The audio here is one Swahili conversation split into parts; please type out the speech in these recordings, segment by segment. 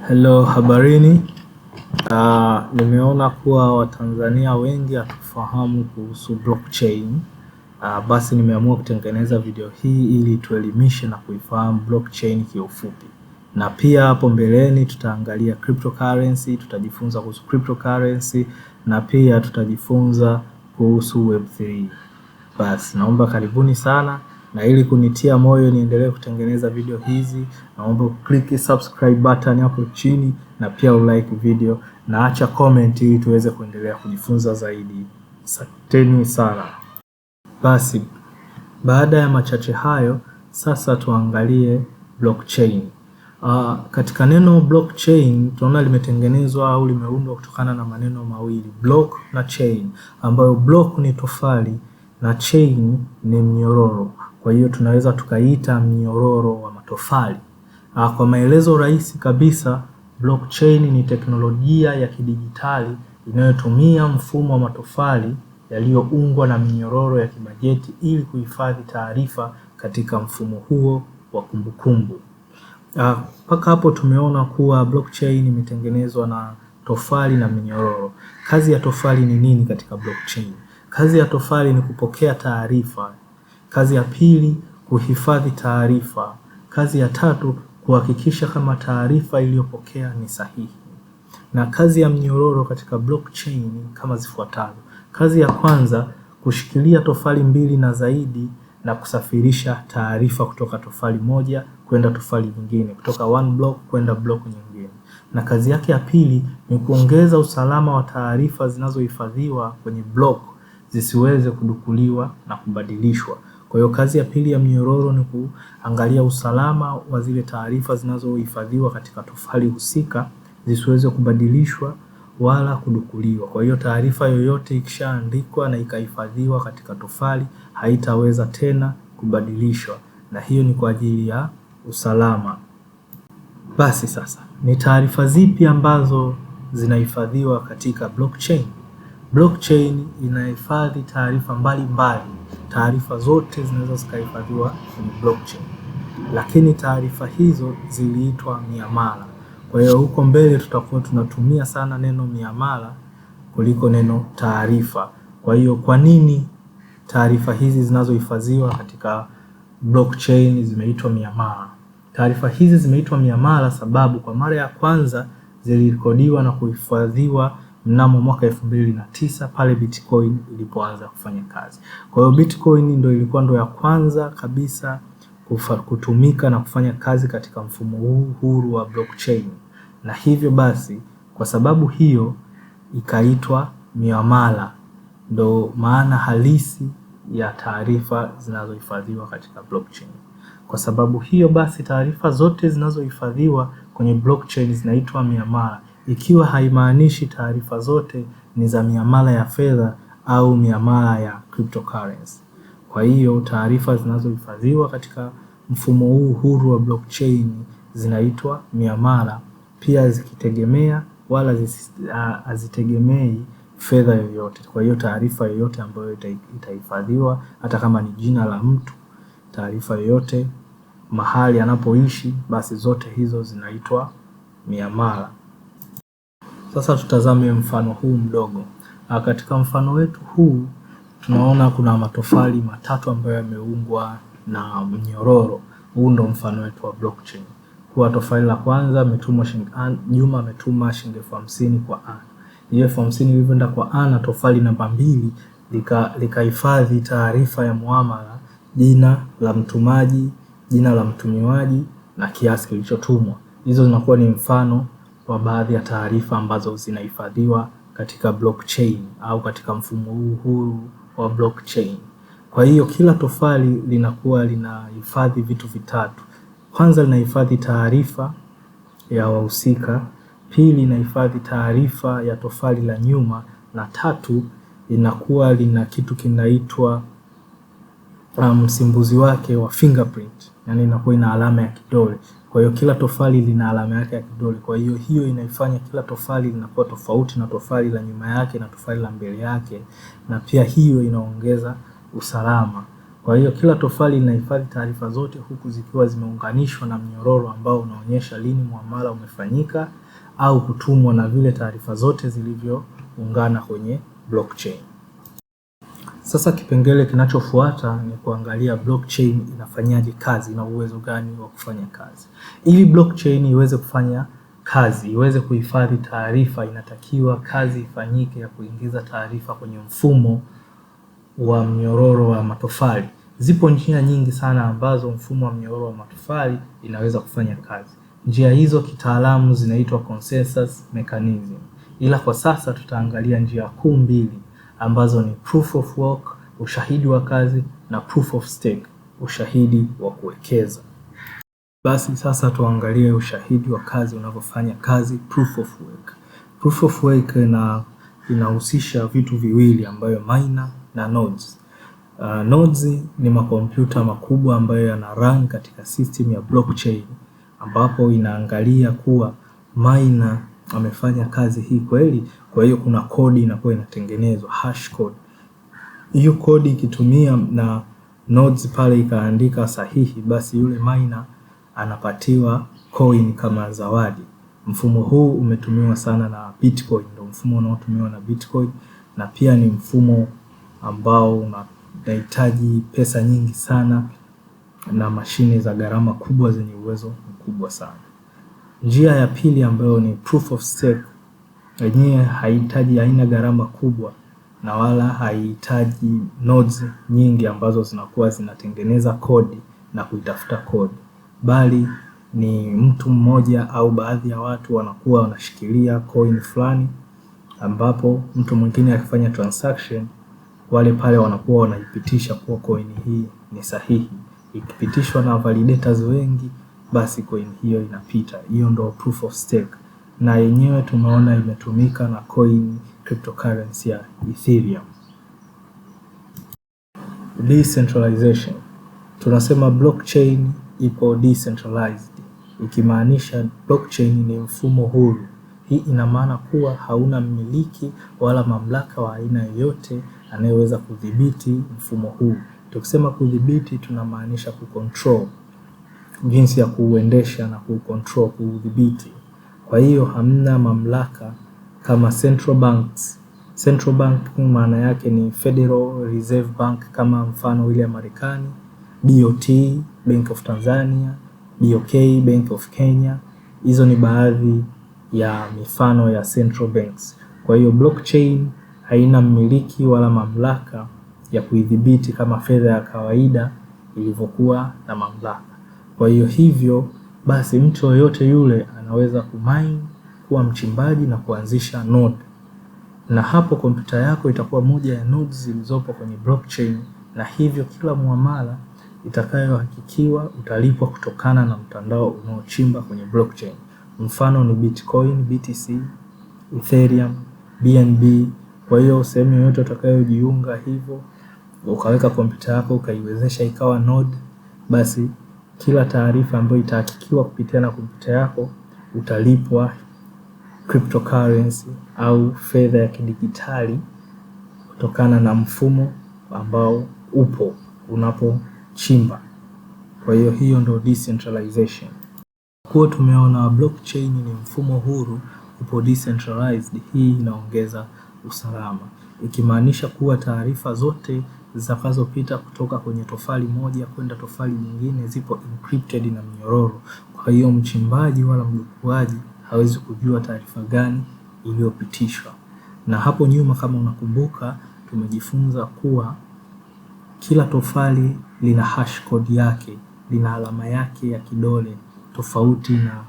Hello, habarini. Uh, nimeona kuwa Watanzania wengi hatufahamu kuhusu blockchain. Uh, basi nimeamua kutengeneza video hii ili tuelimishe na kuifahamu blockchain kiufupi. Na pia hapo mbeleni tutaangalia cryptocurrency, tutajifunza kuhusu cryptocurrency na pia tutajifunza kuhusu Web3. Basi naomba karibuni sana na ili kunitia moyo niendelee kutengeneza video hizi naomba click subscribe button hapo chini na pia ulike video na acha comment ili tuweze kuendelea kujifunza zaidi. Asanteni sana. Basi baada ya machache hayo, sasa tuangalie blockchain. Uh, katika neno blockchain tunaona limetengenezwa au limeundwa kutokana na maneno mawili block na chain, ambayo block ni tofali na chain ni mnyororo. Kwa hiyo tunaweza tukaita mnyororo wa matofali. Ah, kwa maelezo rahisi kabisa, blockchain ni teknolojia ya kidijitali inayotumia mfumo wa matofali yaliyoungwa na minyororo ya kibajeti ili kuhifadhi taarifa katika mfumo huo wa kumbukumbu. Ah, mpaka hapo tumeona kuwa blockchain imetengenezwa na tofali na minyororo. Kazi ya tofali ni nini katika blockchain? Kazi ya tofali ni kupokea taarifa Kazi ya pili, kuhifadhi taarifa. Kazi ya tatu, kuhakikisha kama taarifa iliyopokea ni sahihi. Na kazi ya mnyororo katika blockchain kama zifuatazo: Kazi ya kwanza, kushikilia tofali mbili na zaidi na kusafirisha taarifa kutoka tofali moja kwenda tofali nyingine, kutoka one block kwenda block nyingine. Na kazi yake ya pili ni kuongeza usalama wa taarifa zinazohifadhiwa kwenye block zisiweze kudukuliwa na kubadilishwa kwa hiyo kazi ya pili ya mnyororo ni kuangalia usalama wa zile taarifa zinazohifadhiwa katika tofali husika zisiweze kubadilishwa wala kudukuliwa. Kwa hiyo taarifa yoyote ikishaandikwa na ikahifadhiwa katika tofali haitaweza tena kubadilishwa, na hiyo ni kwa ajili ya usalama. Basi sasa, ni taarifa zipi ambazo zinahifadhiwa katika blockchain? Blockchain inahifadhi taarifa mbalimbali taarifa zote zinaweza zikahifadhiwa kwenye blockchain, lakini taarifa hizo ziliitwa miamala. Kwa hiyo huko mbele tutakuwa tunatumia sana neno miamala kuliko neno taarifa. Kwa hiyo kwa nini taarifa hizi zinazohifadhiwa katika blockchain zimeitwa miamala? Taarifa hizi zimeitwa miamala sababu kwa mara ya kwanza zilirekodiwa na kuhifadhiwa mnamo mwaka elfu mbili na tisa pale Bitcoin ilipoanza kufanya kazi. Kwa hiyo Bitcoin ndo ilikuwa ndo ya kwanza kabisa kufa, kutumika na kufanya kazi katika mfumo huu huru wa blockchain, na hivyo basi kwa sababu hiyo ikaitwa miamala, ndo maana halisi ya taarifa zinazohifadhiwa katika blockchain. Kwa sababu hiyo basi taarifa zote zinazohifadhiwa kwenye blockchain zinaitwa miamala ikiwa haimaanishi taarifa zote ni za miamala ya fedha au miamala ya cryptocurrency. Kwa hiyo taarifa zinazohifadhiwa katika mfumo huu huru wa blockchain zinaitwa miamala, pia zikitegemea wala hazitegemei fedha yoyote. Kwa hiyo taarifa yoyote ambayo itahifadhiwa, hata kama ni jina la mtu, taarifa yoyote, mahali anapoishi, basi zote hizo zinaitwa miamala. Sasa tutazame mfano huu mdogo. Ah, katika mfano wetu huu tunaona kuna matofali matatu ambayo yameungwa na mnyororo. Huu ndo mfano wetu wa blockchain. Kwa tofali la kwanza ametuma Juma ametuma shilingi elfu hamsini kwa Ana. Hiyo elfu hamsini ilivyoenda kwa Ana, tofali namba mbili likahifadhi lika taarifa ya muamala, jina la mtumaji, jina la mtumiwaji na kiasi kilichotumwa. Hizo zinakuwa ni mfano wa baadhi ya taarifa ambazo zinahifadhiwa katika blockchain au katika mfumo huu huru wa blockchain. Kwa hiyo kila tofali linakuwa linahifadhi vitu vitatu. Kwanza linahifadhi taarifa ya wahusika, pili linahifadhi taarifa ya tofali la nyuma, na tatu linakuwa lina kitu kinaitwa um, msimbuzi um, wake wa fingerprint, yani inakuwa ina alama ya kidole. Kwa hiyo kila tofali lina alama yake ya kidole. Kwa hiyo hiyo inaifanya kila tofali linakuwa tofauti na tofali la nyuma yake na tofali la mbele yake, na pia hiyo inaongeza usalama. Kwa hiyo kila tofali linahifadhi taarifa zote huku zikiwa zimeunganishwa na mnyororo ambao unaonyesha lini muamala umefanyika au kutumwa na vile taarifa zote zilivyoungana kwenye blockchain. Sasa kipengele kinachofuata ni kuangalia blockchain inafanyaje kazi na uwezo gani wa kufanya kazi. Ili blockchain iweze kufanya kazi, iweze kuhifadhi taarifa, inatakiwa kazi ifanyike ya kuingiza taarifa kwenye mfumo wa mnyororo wa matofali. Zipo njia nyingi sana ambazo mfumo wa mnyororo wa matofali inaweza kufanya kazi. Njia hizo kitaalamu zinaitwa consensus mechanism. Ila kwa sasa tutaangalia njia kuu mbili ambazo ni proof of work, ushahidi wa kazi na proof of stake, ushahidi wa kuwekeza. Basi sasa tuangalie ushahidi wa kazi unavyofanya kazi, proof of work. Proof of work ina inahusisha vitu viwili ambayo miner na nodes. Uh, nodes ni makompyuta makubwa ambayo yana run katika system ya blockchain ambapo inaangalia kuwa miner amefanya kazi hii kweli kwa hiyo kuna kodi inakuwa inatengenezwa hash code. Hiyo kodi ikitumia na nodes pale ikaandika sahihi, basi yule miner anapatiwa coin kama zawadi. Mfumo huu umetumiwa sana na Bitcoin, ndio mfumo unaotumiwa na Bitcoin na pia ni mfumo ambao unahitaji pesa nyingi sana na mashine za gharama kubwa zenye uwezo mkubwa sana. Njia ya pili ambayo ni proof of stake yenyewe haihitaji haina gharama kubwa na wala haihitaji nodes nyingi ambazo zinakuwa zinatengeneza kodi na kuitafuta kodi, bali ni mtu mmoja au baadhi ya watu wanakuwa wanashikilia coin fulani, ambapo mtu mwingine akifanya transaction wale pale wanakuwa wanaipitisha kuwa coin hii ni sahihi. Ikipitishwa na validators wengi, basi coin hiyo inapita. Hiyo ndio proof of stake na yenyewe tumeona imetumika na coin cryptocurrency ya Ethereum. Decentralization, tunasema blockchain ipo decentralized, ikimaanisha blockchain ni mfumo huru. Hii ina maana kuwa hauna mmiliki wala mamlaka wa aina yoyote anayeweza kudhibiti mfumo huu. Tukisema kudhibiti, tunamaanisha kucontrol, jinsi ya kuuendesha na kucontrol, kuudhibiti. Kwa hiyo hamna mamlaka kama central banks. Central bank maana yake ni Federal Reserve Bank kama mfano ile ya Marekani, BOT Bank of Tanzania, BOK Bank of Kenya. Hizo ni baadhi ya mifano ya central banks. Kwa hiyo blockchain haina mmiliki wala mamlaka ya kuidhibiti kama fedha ya kawaida ilivyokuwa na mamlaka. Kwa hiyo hivyo basi mtu yoyote yule anaweza kumain kuwa mchimbaji na kuanzisha node, na hapo kompyuta yako itakuwa moja ya nodes zilizopo kwenye blockchain, na hivyo kila muamala itakayohakikiwa utalipwa kutokana na mtandao unaochimba kwenye blockchain. Mfano ni Bitcoin, BTC, Ethereum, BNB. Kwa hiyo sehemu yoyote utakayojiunga hivyo ukaweka kompyuta yako ukaiwezesha ikawa node, basi kila taarifa ambayo itahakikiwa kupitia na kompyuta yako utalipwa cryptocurrency au fedha ya kidigitali kutokana na mfumo ambao upo unapochimba. Kwa hiyo hiyo ndio decentralization. Kwa tumeona blockchain ni mfumo huru upo decentralized, hii inaongeza usalama ikimaanisha kuwa taarifa zote zitakazopita kutoka kwenye tofali moja kwenda tofali nyingine zipo encrypted na mnyororo. Kwa hiyo mchimbaji wala mdukuaji hawezi kujua taarifa gani iliyopitishwa. Na hapo nyuma, kama unakumbuka, tumejifunza kuwa kila tofali lina hash code yake, lina alama yake ya kidole tofauti na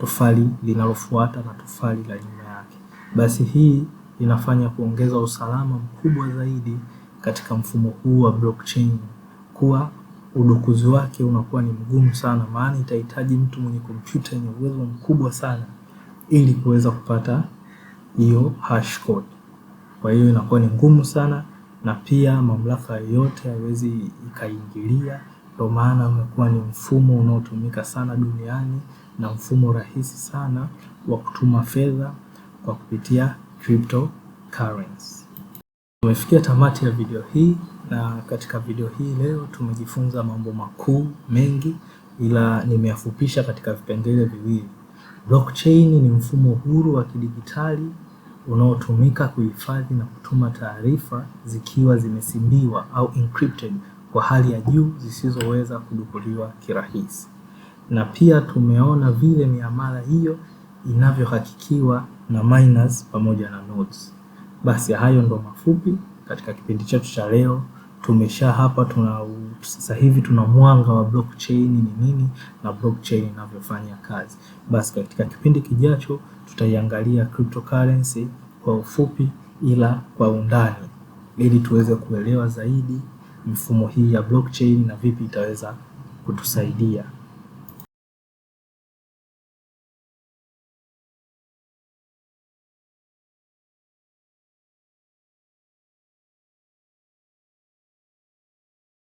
tofali linalofuata na tofali la nyuma yake. Basi hii inafanya kuongeza usalama mkubwa zaidi katika mfumo huu wa blockchain kuwa udukuzi wake unakuwa ni mgumu sana, maana itahitaji mtu mwenye kompyuta yenye uwezo mkubwa sana ili kuweza kupata hiyo hash code. Kwa hiyo inakuwa ni ngumu sana, na pia mamlaka yoyote haiwezi ikaingilia. Ndio maana umekuwa ni mfumo unaotumika sana duniani na mfumo rahisi sana wa kutuma fedha kwa kupitia cryptocurrency. Tumefikia tamati ya video hii na katika video hii leo tumejifunza mambo makuu mengi ila nimeyafupisha katika vipengele viwili. Blockchain ni mfumo huru wa kidijitali unaotumika kuhifadhi na kutuma taarifa zikiwa zimesimbiwa au encrypted kwa hali ya juu zisizoweza kudukuliwa kirahisi. Na pia tumeona vile miamala hiyo inavyohakikiwa na miners pamoja na nodes. Basi hayo ndo mafupi katika kipindi chetu cha leo. Tumesha hapa tuna sasa hivi tuna mwanga wa blockchain ni nini na blockchain inavyofanya kazi. Basi katika kipindi kijacho tutaiangalia cryptocurrency kwa ufupi ila kwa undani ili tuweze kuelewa zaidi mifumo hii ya blockchain na vipi itaweza kutusaidia.